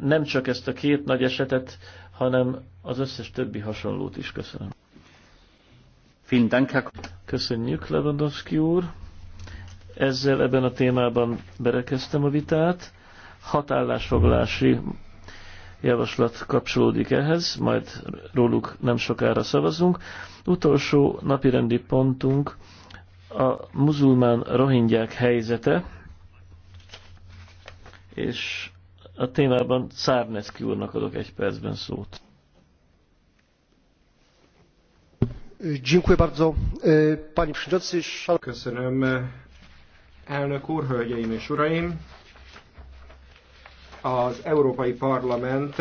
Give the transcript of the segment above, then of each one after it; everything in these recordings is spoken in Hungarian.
nem csak ezt a két nagy esetet, hanem az összes többi hasonlót is köszönöm. Köszönjük, Lewandowski úr. Ezzel ebben a témában berekeztem a vitát. Hatállásfoglási javaslat kapcsolódik ehhez, majd róluk nem sokára szavazunk. Utolsó napirendi pontunk a muzulmán rohingyák helyzete, és a témában Szárneszki úrnak adok egy percben szót. E, Köszönöm, e, elnök úr, hölgyeim és uraim! Az Európai Parlament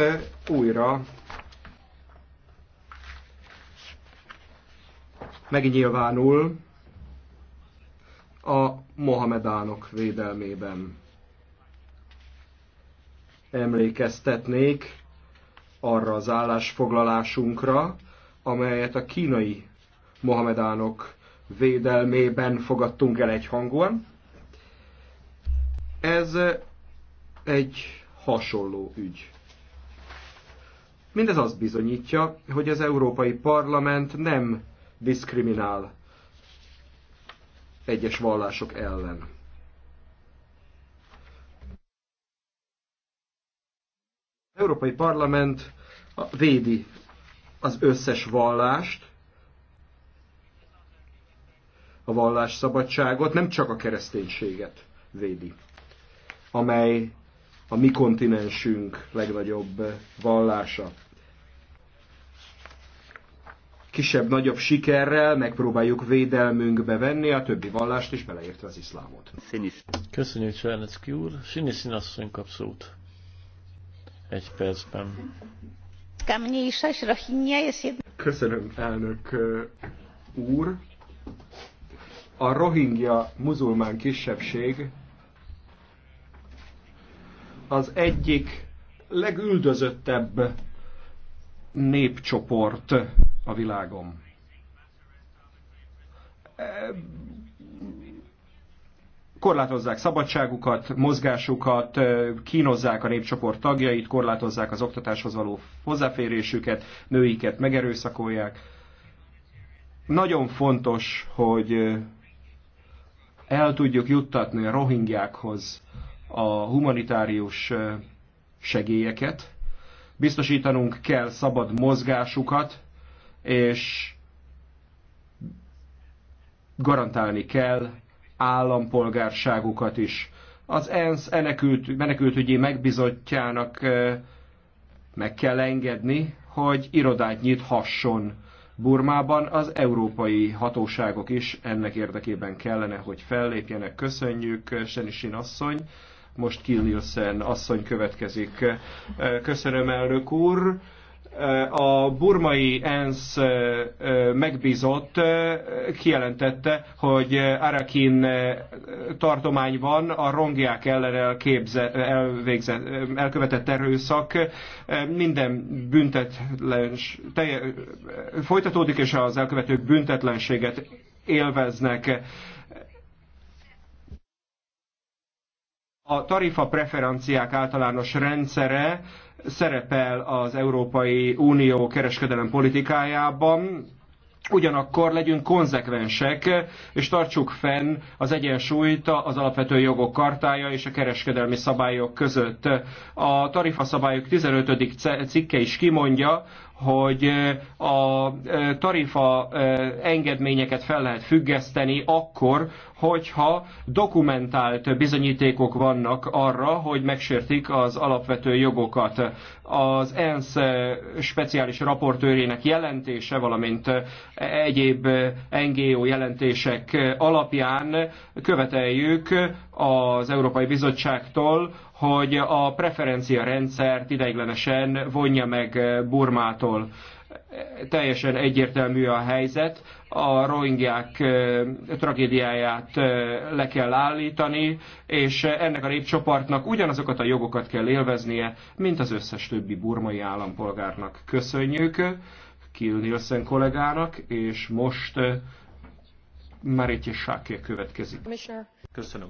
újra megnyilvánul a Mohamedánok védelmében emlékeztetnék arra az állásfoglalásunkra, amelyet a kínai mohamedánok védelmében fogadtunk el egyhangúan. Ez egy hasonló ügy. Mindez azt bizonyítja, hogy az Európai Parlament nem diszkriminál egyes vallások ellen. Európai Parlament védi az összes vallást, a vallásszabadságot, nem csak a kereszténységet védi, amely a mi kontinensünk legnagyobb vallása. Kisebb-nagyobb sikerrel megpróbáljuk védelmünkbe venni a többi vallást is, beleértve az iszlámot. Köszönjük, Csernecki úr. Siniszin asszony kap szót egy percben. Köszönöm, elnök úr. A rohingya muzulmán kisebbség az egyik legüldözöttebb népcsoport a világon korlátozzák szabadságukat, mozgásukat, kínozzák a népcsoport tagjait, korlátozzák az oktatáshoz való hozzáférésüket, nőiket megerőszakolják. Nagyon fontos, hogy el tudjuk juttatni a rohingyákhoz a humanitárius segélyeket, biztosítanunk kell szabad mozgásukat, és garantálni kell állampolgárságukat is. Az ENSZ enekült, menekültügyi megbizottjának meg kell engedni, hogy irodát nyithasson Burmában. Az európai hatóságok is ennek érdekében kellene, hogy fellépjenek. Köszönjük, Senisin asszony. Most Kill Nielsen asszony következik. Köszönöm, elnök úr a burmai ENSZ megbízott kijelentette, hogy Arakin tartományban a rongiák ellen elképze, elvégzett, elkövetett erőszak minden büntetlen, folytatódik, és az elkövetők büntetlenséget élveznek. A tarifa preferenciák általános rendszere szerepel az Európai Unió kereskedelem politikájában, Ugyanakkor legyünk konzekvensek, és tartsuk fenn az egyensúlyt az alapvető jogok kartája és a kereskedelmi szabályok között. A tarifaszabályok 15. cikke is kimondja, hogy a tarifa engedményeket fel lehet függeszteni akkor, hogyha dokumentált bizonyítékok vannak arra, hogy megsértik az alapvető jogokat. Az ENSZ speciális raportőrének jelentése, valamint egyéb NGO jelentések alapján követeljük az Európai Bizottságtól, hogy a preferencia rendszert ideiglenesen vonja meg Burmától. Teljesen egyértelmű a helyzet, a rohingyák tragédiáját le kell állítani, és ennek a népcsoportnak ugyanazokat a jogokat kell élveznie, mint az összes többi burmai állampolgárnak. Köszönjük Kill Nielsen kollégának, és most Maritje Sáké következik. Köszönöm.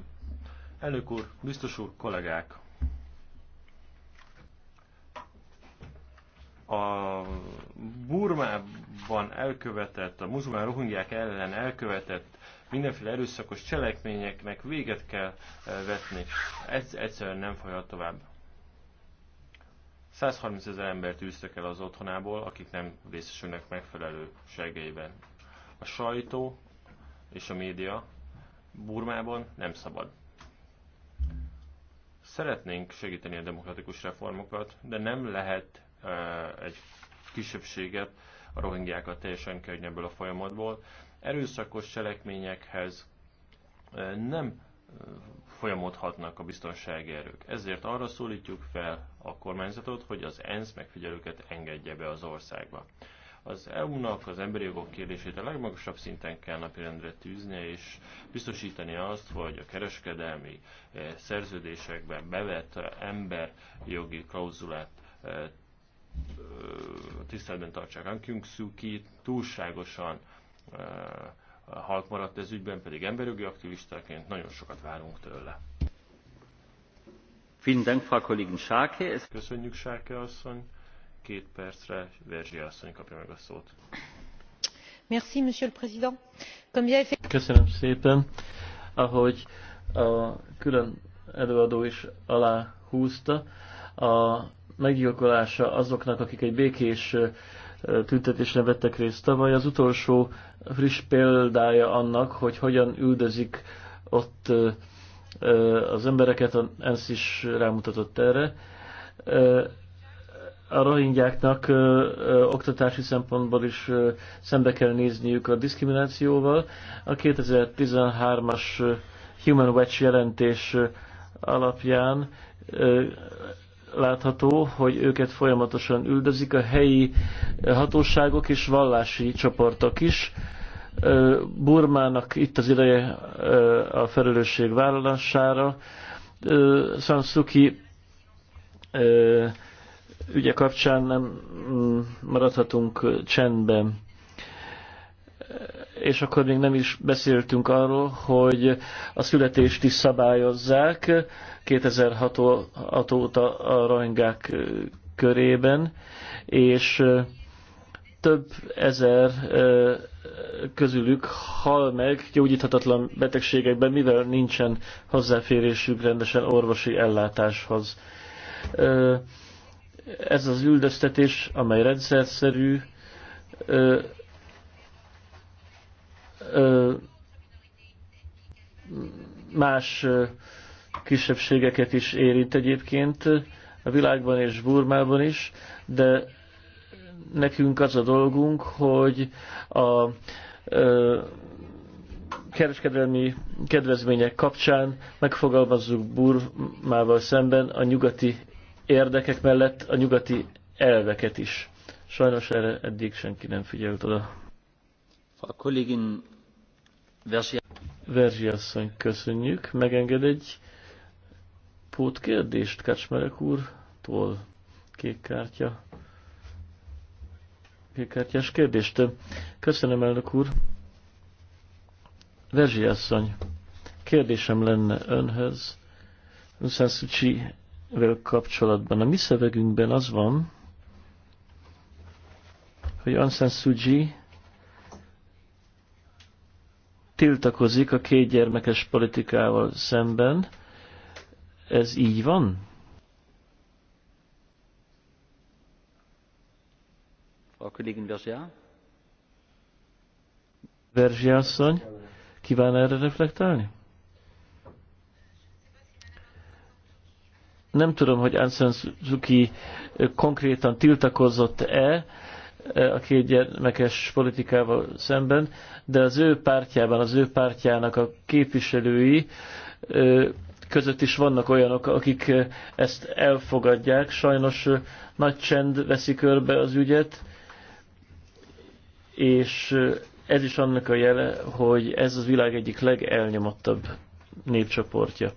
Elnök úr, biztos úr, kollégák! A Burmában elkövetett, a muzulmán rohingyák ellen elkövetett mindenféle erőszakos cselekményeknek véget kell eh, vetni. Ez egyszerűen nem folyhat tovább. 130 ezer embert űztek el az otthonából, akik nem részesülnek megfelelő segélyben. A sajtó és a média Burmában nem szabad. Szeretnénk segíteni a demokratikus reformokat, de nem lehet egy kisebbséget, a rohingyákat teljesen kihagyni ebből a folyamatból. Erőszakos cselekményekhez nem folyamodhatnak a biztonsági erők. Ezért arra szólítjuk fel a kormányzatot, hogy az ENSZ megfigyelőket engedje be az országba. Az EU-nak az emberi jogok kérdését a legmagasabb szinten kell napirendre tűznie, és biztosítani azt, hogy a kereskedelmi eh, szerződésekben bevett eh, emberjogi klauzulát eh, tiszteletben tartsák. Ankung Suki túlságosan halk maradt ez ügyben, pedig emberjogi aktivistaként nagyon sokat várunk tőle. Köszönjük, Sárke asszony! két percre Verzsi asszony kapja meg a szót. Merci, monsieur le président. Köszönöm szépen. Ahogy a külön előadó is alá húzta, a meggyilkolása azoknak, akik egy békés tüntetésen vettek részt tavaly, az utolsó friss példája annak, hogy hogyan üldözik ott az embereket, a ENSZ is rámutatott erre a rohingyáknak ö, ö, oktatási szempontból is ö, szembe kell nézniük a diszkriminációval. A 2013-as Human Watch jelentés alapján ö, látható, hogy őket folyamatosan üldözik a helyi hatóságok és vallási csoportok is. Burmának itt az ideje a felelősség vállalására. Sansuki ügye kapcsán nem mm, maradhatunk csendben. És akkor még nem is beszéltünk arról, hogy a születést is szabályozzák 2006 óta a rohingák körében, és több ezer közülük hal meg gyógyíthatatlan betegségekben, mivel nincsen hozzáférésük rendesen orvosi ellátáshoz ez az üldöztetés, amely rendszerszerű, más kisebbségeket is érint egyébként a világban és Burmában is, de nekünk az a dolgunk, hogy a kereskedelmi kedvezmények kapcsán megfogalmazzuk Burmával szemben a nyugati érdekek mellett a nyugati elveket is. Sajnos erre eddig senki nem figyelt oda. A kollégin Verzsi asszony, köszönjük. Megenged egy pótkérdést Kacsmerek úrtól. Kék kártya. Kék kártyás kérdést. Köszönöm, elnök úr. Verzsi asszony, kérdésem lenne önhöz. Ön Sucsi Vel kapcsolatban. A mi szövegünkben az van, hogy Ansan Suji tiltakozik a két gyermekes politikával szemben. Ez így van? Frau Kollegin Berger. Berger asszony, kíván erre reflektálni? nem tudom, hogy Aung San Suu Kyi konkrétan tiltakozott-e a két gyermekes politikával szemben, de az ő pártjában, az ő pártjának a képviselői között is vannak olyanok, akik ezt elfogadják. Sajnos nagy csend veszi körbe az ügyet, és ez is annak a jele, hogy ez az világ egyik legelnyomottabb népcsoportja.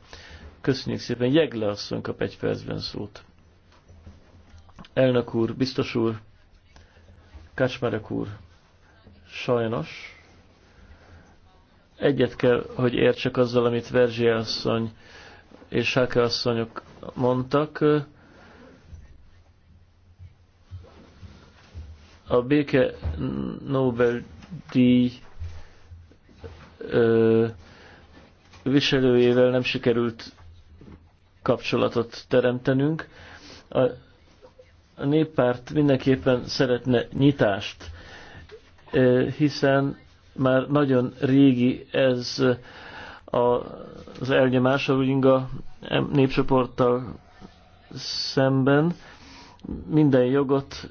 Köszönjük szépen. Jegle asszony kap egy percben szót. Elnök úr, biztos úr, Kácsmerek úr, sajnos egyet kell, hogy értsek azzal, amit Verzsi asszony és Sáke asszonyok mondtak. A béke Nobel-díj viselőjével nem sikerült kapcsolatot teremtenünk. A, a néppárt mindenképpen szeretne nyitást, hiszen már nagyon régi ez az elnyomás a Ruinga népcsoporttal szemben. Minden jogot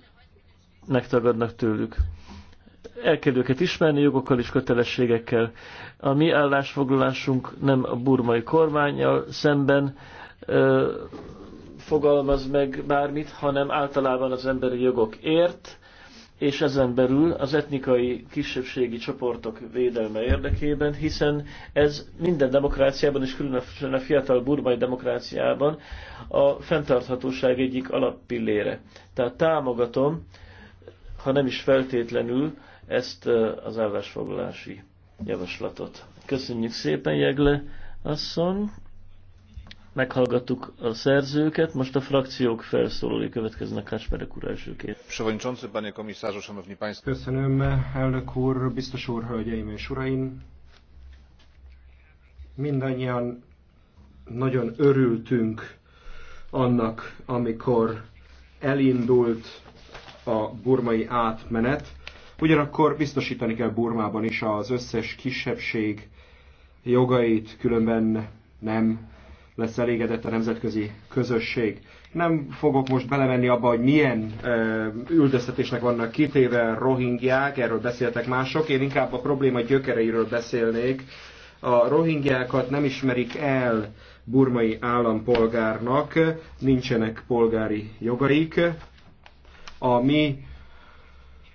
megtagadnak tőlük. El kell őket ismerni jogokkal és kötelességekkel. A mi állásfoglalásunk nem a burmai kormányjal szemben, fogalmaz meg bármit, hanem általában az emberi jogok ért, és ezen belül az etnikai kisebbségi csoportok védelme érdekében, hiszen ez minden demokráciában, és különösen a fiatal burmai demokráciában a fenntarthatóság egyik alappillére. Tehát támogatom, ha nem is feltétlenül, ezt az állásfoglalási javaslatot. Köszönjük szépen, Jegle asszony! meghallgattuk a szerzőket, most a frakciók felszólalói következnek Kásperek úr elsőként. Przewodniczący, panie komisarzu, szanowni państwo. Köszönöm, elnök úr, biztos úr, hölgyeim és uraim. Mindannyian nagyon örültünk annak, amikor elindult a burmai átmenet. Ugyanakkor biztosítani kell Burmában is az összes kisebbség jogait, különben nem lesz elégedett a nemzetközi közösség. Nem fogok most belemenni abba, hogy milyen ö, üldöztetésnek vannak kitéve rohingyák, erről beszéltek mások, én inkább a probléma gyökereiről beszélnék. A rohingyákat nem ismerik el burmai állampolgárnak, nincsenek polgári jogaik. A mi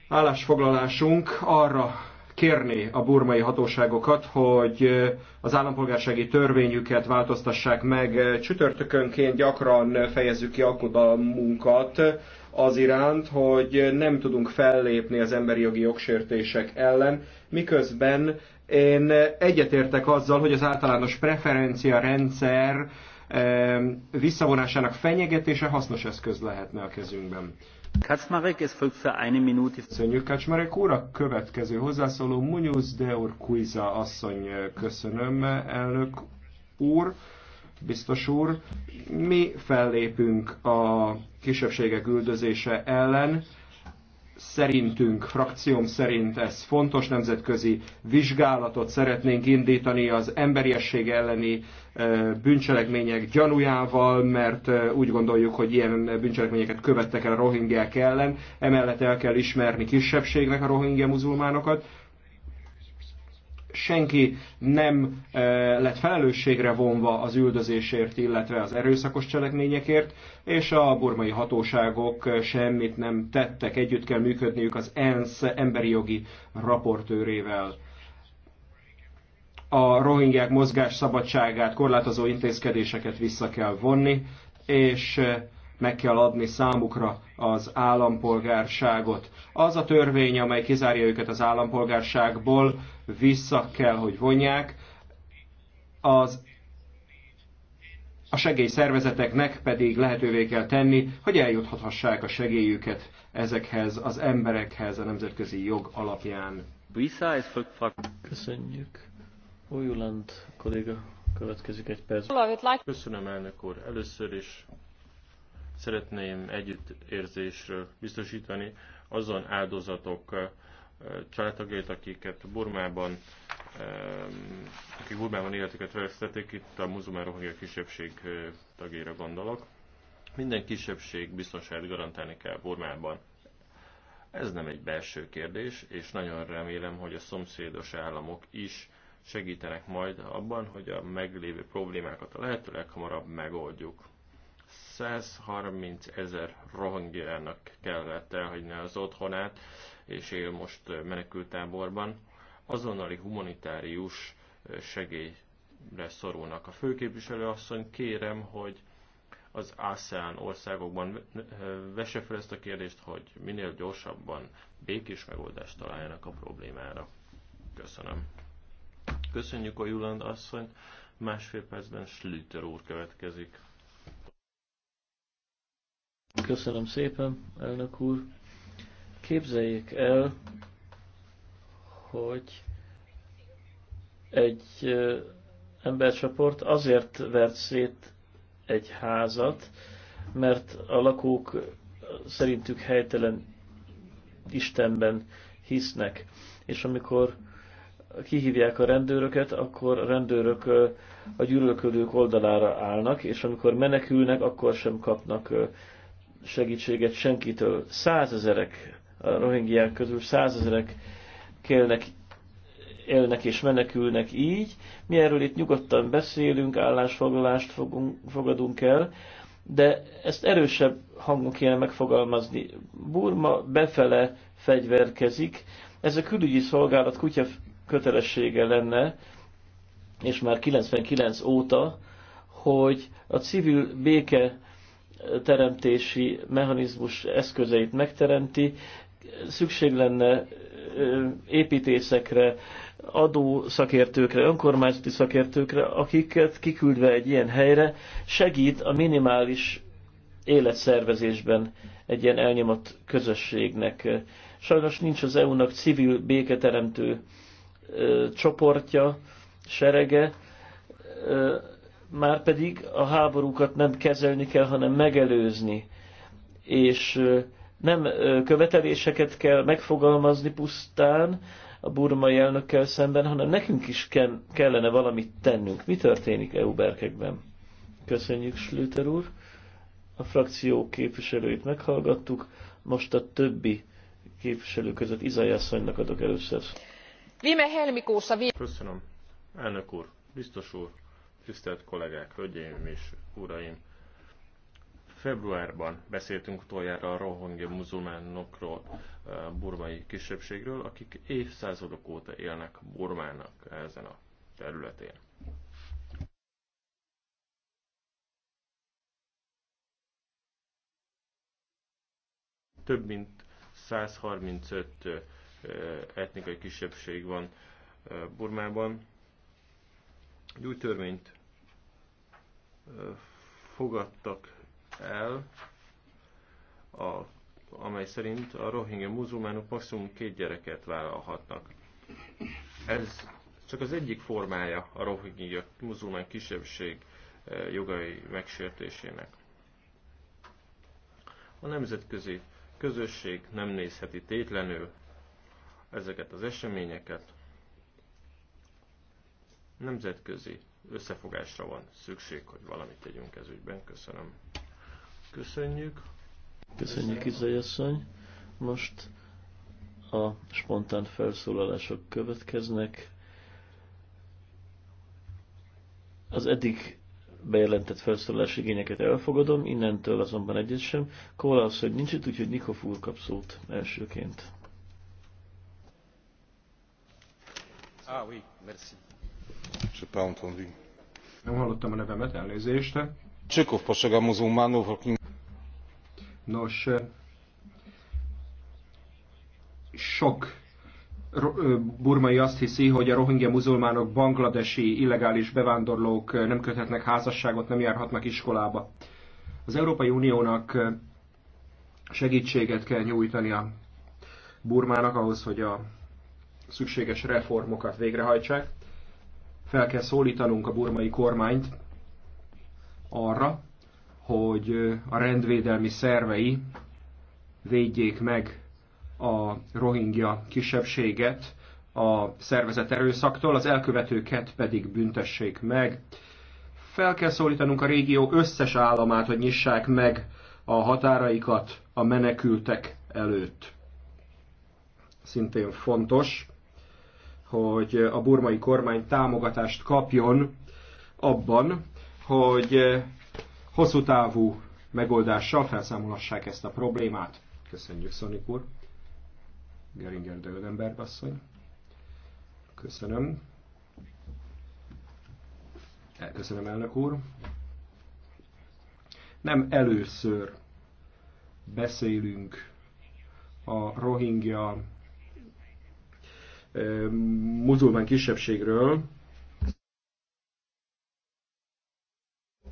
állásfoglalásunk arra kérni a burmai hatóságokat, hogy az állampolgársági törvényüket változtassák meg. Csütörtökönként gyakran fejezzük ki aggodalmunkat az iránt, hogy nem tudunk fellépni az emberi jogi jogsértések ellen, miközben én egyetértek azzal, hogy az általános preferencia rendszer visszavonásának fenyegetése hasznos eszköz lehetne a kezünkben. Kaczmarek, ez fog für eine Minute. Köszönjük Kaczmarek úr, a következő hozzászóló Munyusz de Kuiza asszony, köszönöm elnök úr, biztos úr. Mi fellépünk a kisebbségek üldözése ellen, szerintünk, frakcióm szerint ez fontos nemzetközi vizsgálatot szeretnénk indítani az emberiesség elleni bűncselekmények gyanújával, mert úgy gondoljuk, hogy ilyen bűncselekményeket követtek el a rohingyák ellen. Emellett el kell ismerni kisebbségnek a rohingya muzulmánokat, senki nem eh, lett felelősségre vonva az üldözésért, illetve az erőszakos cselekményekért, és a burmai hatóságok eh, semmit nem tettek, együtt kell működniük az ENSZ emberi jogi raportőrével a rohingyák mozgás szabadságát korlátozó intézkedéseket vissza kell vonni, és eh, meg kell adni számukra az állampolgárságot. Az a törvény, amely kizárja őket az állampolgárságból, vissza kell, hogy vonják. Az a segélyszervezeteknek pedig lehetővé kell tenni, hogy eljuthathassák a segélyüket ezekhez az emberekhez a nemzetközi jog alapján. Köszönjük. Újuland kolléga következik egy perc. Köszönöm elnök úr. Először is Szeretném együttérzésről biztosítani azon áldozatok családtagjait, akiket Burmában akik Burmában életüket vesztették, itt a muzumán rohangja kisebbség tagjára gondolok. Minden kisebbség biztonságot garantálni kell Burmában. Ez nem egy belső kérdés, és nagyon remélem, hogy a szomszédos államok is segítenek majd abban, hogy a meglévő problémákat a lehető leghamarabb megoldjuk. 130 ezer rohangjának kellett elhagyni az otthonát, és él most menekültáborban. Azonnali humanitárius segélyre szorulnak. A főképviselő asszony kérem, hogy az ASEAN országokban vesse fel ezt a kérdést, hogy minél gyorsabban békés megoldást találjanak a problémára. Köszönöm. Köszönjük a Juland asszony. Másfél percben Schlüter úr következik. Köszönöm szépen, elnök úr. Képzeljék el, hogy egy embercsoport azért vert szét egy házat, mert a lakók szerintük helytelen Istenben hisznek. És amikor kihívják a rendőröket, akkor a rendőrök a gyűlölködők oldalára állnak, és amikor menekülnek, akkor sem kapnak segítséget senkitől. Százezerek, a rohingyák közül százezerek kélnek, élnek és menekülnek így. Mi erről itt nyugodtan beszélünk, állásfoglalást fogunk, fogadunk el, de ezt erősebb hangon kéne megfogalmazni. Burma befele fegyverkezik, ez a külügyi szolgálat kutya kötelessége lenne, és már 99 óta, hogy a civil béke teremtési mechanizmus eszközeit megteremti, szükség lenne építészekre, adó szakértőkre, önkormányzati szakértőkre, akiket kiküldve egy ilyen helyre segít a minimális életszervezésben egy ilyen elnyomott közösségnek. Sajnos nincs az EU-nak civil béketeremtő csoportja, serege, már pedig a háborúkat nem kezelni kell, hanem megelőzni. És nem követeléseket kell megfogalmazni pusztán a burmai elnökkel szemben, hanem nekünk is kellene valamit tennünk. Mi történik EU berkekben? Köszönjük, Slüter úr! A frakció képviselőit meghallgattuk, most a többi képviselő között Izajászonynak adok először. Vime helmikuussa... Köszönöm. Elnök úr, biztos úr, Tisztelt kollégák, hölgyeim és uraim! Februárban beszéltünk utoljára a rohingya muzulmánokról, burmai kisebbségről, akik évszázadok óta élnek Burmának ezen a területén. Több mint 135 etnikai kisebbség van Burmában. Egy új törvényt fogadtak el, a, amely szerint a rohingya muzulmánok maximum két gyereket vállalhatnak. Ez csak az egyik formája a rohingya muzulmán kisebbség eh, jogai megsértésének. A nemzetközi közösség nem nézheti tétlenül ezeket az eseményeket. Nemzetközi összefogásra van szükség, hogy valamit tegyünk ez ügyben. Köszönöm. Köszönjük. Köszönjük, Izai asszony. Most a spontán felszólalások következnek. Az eddig bejelentett felszólalási igényeket elfogadom, innentől azonban egyet sem. Kóla az, hogy nincs itt, úgyhogy Nikof úr kap szót elsőként. Ah, oui, merci. Nem hallottam a nevemet, elnézést. Csökov Pasaga muzulmánov, aki... Nos, eh, sok eh, burmai azt hiszi, hogy a rohingya muzulmánok bangladesi illegális bevándorlók eh, nem köthetnek házasságot, nem járhatnak iskolába. Az Európai Uniónak segítséget kell nyújtani a Burmának ahhoz, hogy a szükséges reformokat végrehajtsák fel kell szólítanunk a burmai kormányt arra, hogy a rendvédelmi szervei védjék meg a rohingya kisebbséget a szervezet erőszaktól, az elkövetőket pedig büntessék meg. Fel kell szólítanunk a régió összes államát, hogy nyissák meg a határaikat a menekültek előtt. Szintén fontos hogy a burmai kormány támogatást kapjon abban, hogy eh, hosszú távú megoldással felszámolassák ezt a problémát. Köszönjük, Szonik úr. Geringer de asszony. Köszönöm. Köszönöm, elnök úr. Nem először beszélünk a rohingya muzulmán kisebbségről,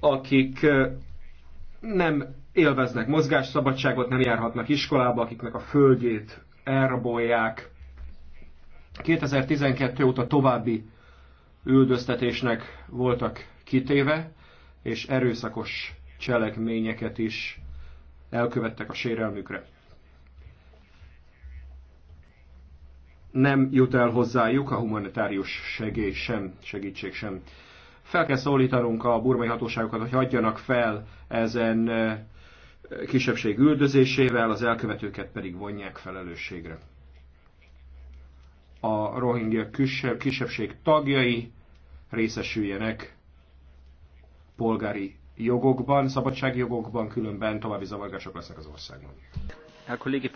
akik nem élveznek mozgásszabadságot, nem járhatnak iskolába, akiknek a földjét elrabolják. 2012 óta további üldöztetésnek voltak kitéve, és erőszakos cselekményeket is elkövettek a sérelmükre. nem jut el hozzájuk a humanitárius segély sem, segítség sem. Fel kell szólítanunk a burmai hatóságokat, hogy adjanak fel ezen eh, kisebbség üldözésével, az elkövetőket pedig vonják felelősségre. A rohingya kisebbség tagjai részesüljenek polgári jogokban, szabadságjogokban, különben további zavargások lesznek az országban. Herr Kollege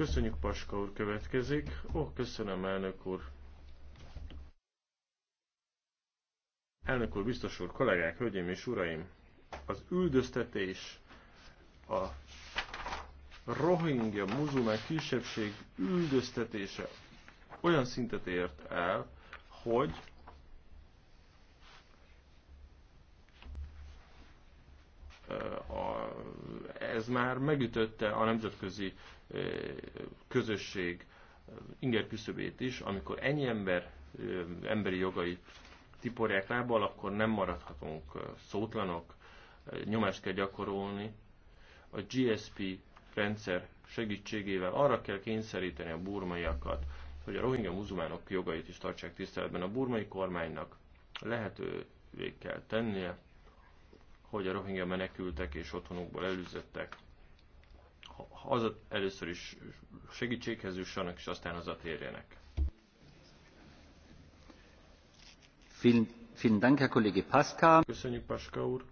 Köszönjük, Paska úr következik. Ó, oh, köszönöm, elnök úr. Elnök úr, biztos úr, kollégák, hölgyeim és uraim, az üldöztetés, a rohingya muzulmán kisebbség üldöztetése olyan szintet ért el, hogy a, ez már megütötte a nemzetközi közösség inger küszöbét is, amikor ennyi ember emberi jogait tiporják lábbal, akkor nem maradhatunk szótlanok, nyomást kell gyakorolni. A GSP rendszer segítségével arra kell kényszeríteni a burmaiakat, hogy a rohingya muzulmánok jogait is tartsák tiszteletben. A burmai kormánynak lehetővé kell tennie, hogy a rohingya menekültek és otthonukból elűzöttek Az először is segítséghez jussanak, és aztán haza térjenek. Vielen Dank, Herr Kollege Paska. Köszönjük, Paska úr.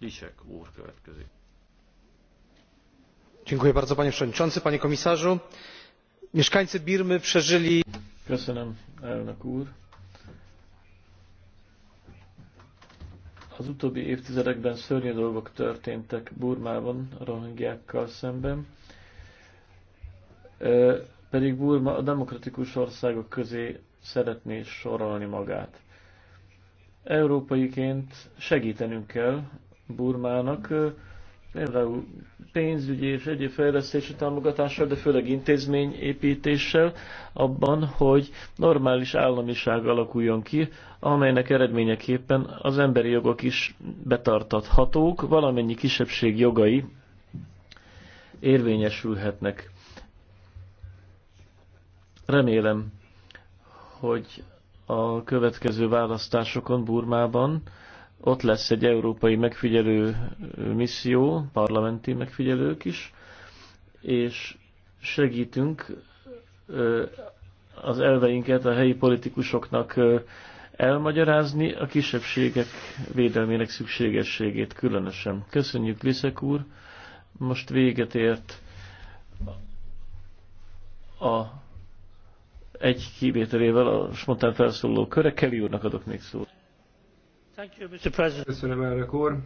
Lisek úr következik. Dziękuję bardzo, panie przewodniczący, panie komisarzu. Mieszkańcy Birmy przeżyli... Köszönöm, elnök úr. Az utóbbi évtizedekben szörnyű dolgok történtek Burmában a rohingyákkal szemben, pedig Burma a demokratikus országok közé szeretné sorolni magát. Európaiként segítenünk kell Burmának, például pénzügyi és egyéb fejlesztési támogatással, de főleg intézményépítéssel abban, hogy normális államiság alakuljon ki, amelynek eredményeképpen az emberi jogok is betartathatók, valamennyi kisebbség jogai érvényesülhetnek. Remélem, hogy a következő választásokon Burmában ott lesz egy európai megfigyelő misszió, parlamenti megfigyelők is, és segítünk az elveinket a helyi politikusoknak elmagyarázni a kisebbségek védelmének szükségességét különösen. Köszönjük, Liszek úr! Most véget ért a egy kivételével a spontán felszóló köre. Kelly úrnak adok még szót. Köszönöm, elnök úr.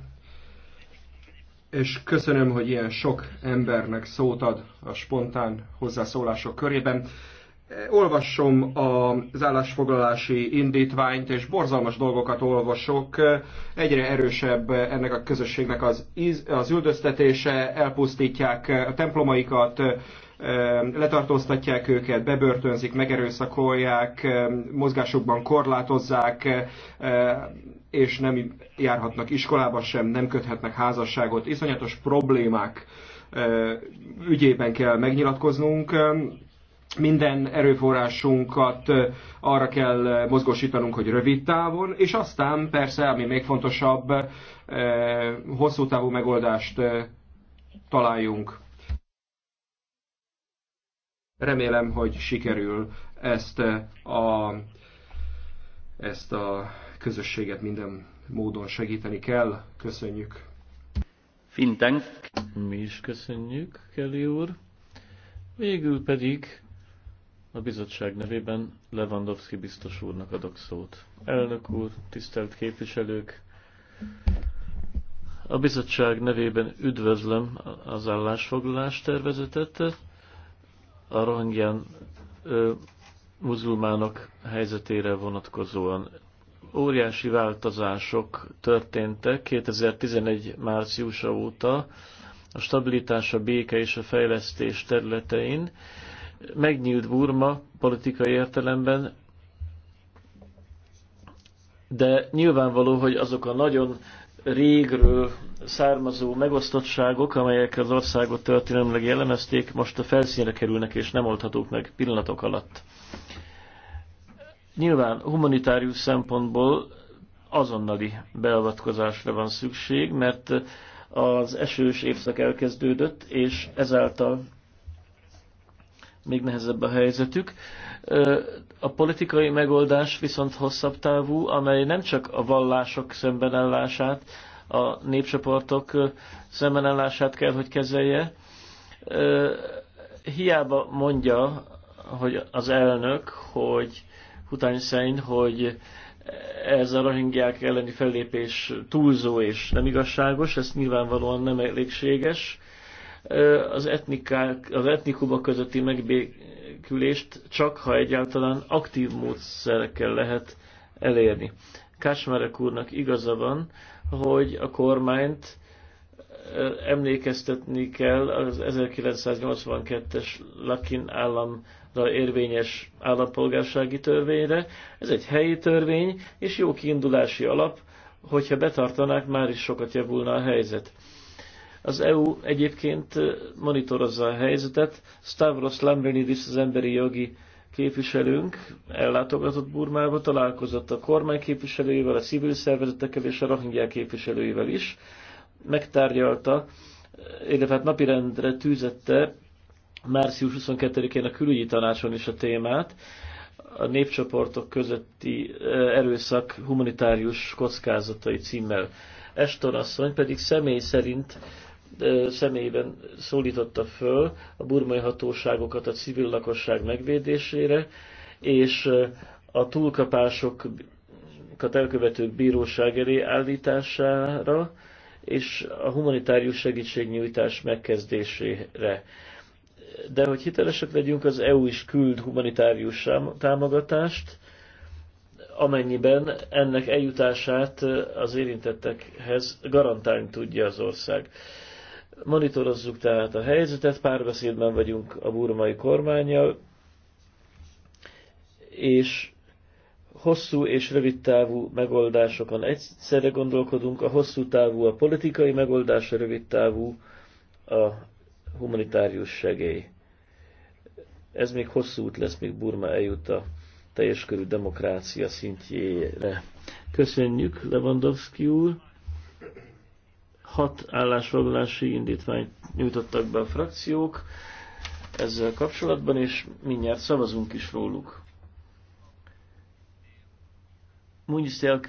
És köszönöm, hogy ilyen sok embernek szót ad a spontán hozzászólások körében. Olvasom az állásfoglalási indítványt, és borzalmas dolgokat olvasok. Egyre erősebb ennek a közösségnek az, íz, az üldöztetése, elpusztítják a templomaikat, letartóztatják őket, bebörtönzik, megerőszakolják, mozgásokban korlátozzák, és nem járhatnak iskolába sem, nem köthetnek házasságot. Iszonyatos problémák ügyében kell megnyilatkoznunk minden erőforrásunkat arra kell mozgósítanunk, hogy rövid távon, és aztán persze, ami még fontosabb, hosszú távú megoldást találjunk. Remélem, hogy sikerül ezt eh, a, ezt a közösséget minden módon segíteni kell. Köszönjük. Fintenk. Mi is köszönjük, Kelly úr. Végül pedig a bizottság nevében Lewandowski biztos úrnak adok szót. Elnök úr, tisztelt képviselők! A bizottság nevében üdvözlöm az állásfoglalás tervezetet a rohangyán muzulmánok helyzetére vonatkozóan. Óriási változások történtek 2011 márciusa óta a stabilitás, a béke és a fejlesztés területein. Megnyílt Burma politikai értelemben, de nyilvánvaló, hogy azok a nagyon régről származó megosztottságok, amelyek az országot történelmileg jellemezték, most a felszínre kerülnek és nem oldhatók meg pillanatok alatt. Nyilván humanitárius szempontból azonnali beavatkozásra van szükség, mert az esős évszak elkezdődött, és ezáltal még nehezebb a helyzetük. A politikai megoldás viszont hosszabb távú, amely nem csak a vallások szembenállását, a népcsoportok szembenállását kell, hogy kezelje. Hiába mondja hogy az elnök, hogy Hutány szerint, hogy ez a rohingyák elleni fellépés túlzó és nem igazságos, ez nyilvánvalóan nem elégséges az, etnikák, az etnikumok közötti megbékülést csak, ha egyáltalán aktív módszerekkel lehet elérni. Kásmerek úrnak igaza van, hogy a kormányt emlékeztetni kell az 1982-es Lakin államra érvényes állampolgársági törvényre. Ez egy helyi törvény, és jó kiindulási alap, hogyha betartanák, már is sokat javulna a helyzet. Az EU egyébként monitorozza a helyzetet. Stavros Lambrinidis, az emberi jogi képviselőnk ellátogatott Burmába, találkozott a kormány képviselőivel, a civil szervezetekkel és a Rohingya képviselőivel is. Megtárgyalta, illetve hát napirendre tűzette március 22-én a külügyi tanácson is a témát, a népcsoportok közötti erőszak humanitárius kockázatai címmel. Eston asszony pedig személy szerint személyben szólította föl a burmai hatóságokat a civil lakosság megvédésére, és a túlkapásokat elkövetők bíróság elé állítására, és a humanitárius segítségnyújtás megkezdésére. De hogy hitelesek legyünk, az EU is küld humanitárius támogatást, amennyiben ennek eljutását az érintettekhez garantálni tudja az ország. Monitorozzuk tehát a helyzetet, párbeszédben vagyunk a burmai kormányjal, és hosszú és rövid távú megoldásokon egyszerre gondolkodunk, a hosszú távú a politikai megoldás, a rövid távú a humanitárius segély. Ez még hosszú út lesz, míg Burma eljut a teljes körű demokrácia szintjére. Köszönjük, Lewandowski úr! Hat állásfoglalási indítványt nyújtottak be a frakciók ezzel kapcsolatban, és mindjárt szavazunk is róluk. Mondjuk el